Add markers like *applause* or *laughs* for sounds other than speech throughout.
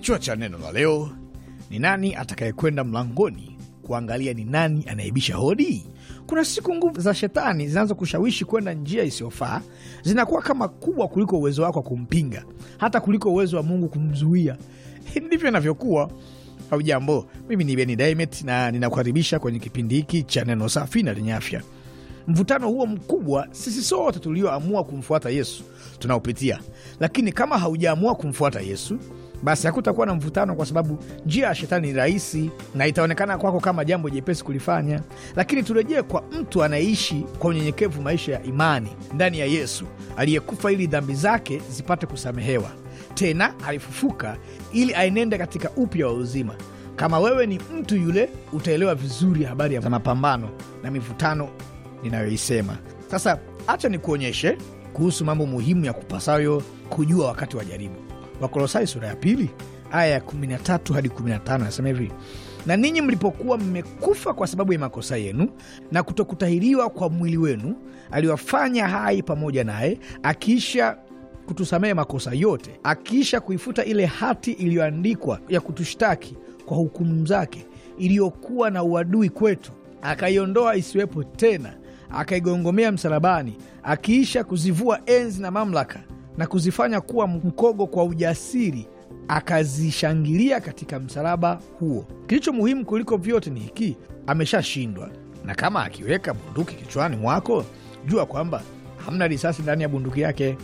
Kichwa cha neno la leo ni nani atakayekwenda mlangoni kuangalia ni nani anaibisha hodi? Kuna siku nguvu za shetani zinazokushawishi kwenda njia isiyofaa zinakuwa kama kubwa kuliko uwezo wako wa kumpinga, hata kuliko uwezo wa Mungu kumzuia. *laughs* Ndivyo inavyokuwa. Hujambo, mimi ni Beni Daimet na ninakukaribisha kwenye kipindi hiki cha neno safi na lenye afya. Mvutano huo mkubwa sisi sote tulioamua kumfuata Yesu tunaopitia lakini kama haujaamua kumfuata Yesu basi hakutakuwa na mvutano, kwa sababu njia ya shetani ni rahisi na itaonekana kwako kama jambo jepesi kulifanya. Lakini turejee kwa mtu anayeishi kwa unyenyekevu maisha ya imani ndani ya Yesu aliyekufa ili dhambi zake zipate kusamehewa, tena alifufuka ili aenende katika upya wa uzima. Kama wewe ni mtu yule, utaelewa vizuri habari ya mapambano na mivutano ninayoisema sasa. Acha nikuonyeshe kuhusu mambo muhimu ya kupasayo kujua wakati wa jaribu. Wakolosai sura ya pili aya ya 13 hadi 15 anasema hivi: na ninyi mlipokuwa mmekufa kwa sababu ya makosa yenu na kutokutahiriwa kwa mwili wenu, aliwafanya hai pamoja naye, akiisha kutusamehe makosa yote, akiisha kuifuta ile hati iliyoandikwa ya kutushtaki kwa hukumu zake, iliyokuwa na uadui kwetu, akaiondoa isiwepo tena, akaigongomea msalabani, akiisha kuzivua enzi na mamlaka na kuzifanya kuwa mkogo kwa ujasiri, akazishangilia katika msalaba huo. Kilicho muhimu kuliko vyote ni hiki: ameshashindwa, na kama akiweka bunduki kichwani mwako, jua kwamba hamna risasi ndani ya bunduki yake.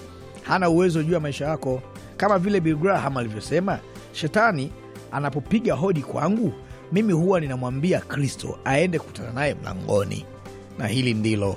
Hana uwezo juu ya maisha yako, kama vile Bill Graham alivyosema, shetani anapopiga hodi kwangu mimi huwa ninamwambia Kristo aende kukutana naye mlangoni, na hili ndilo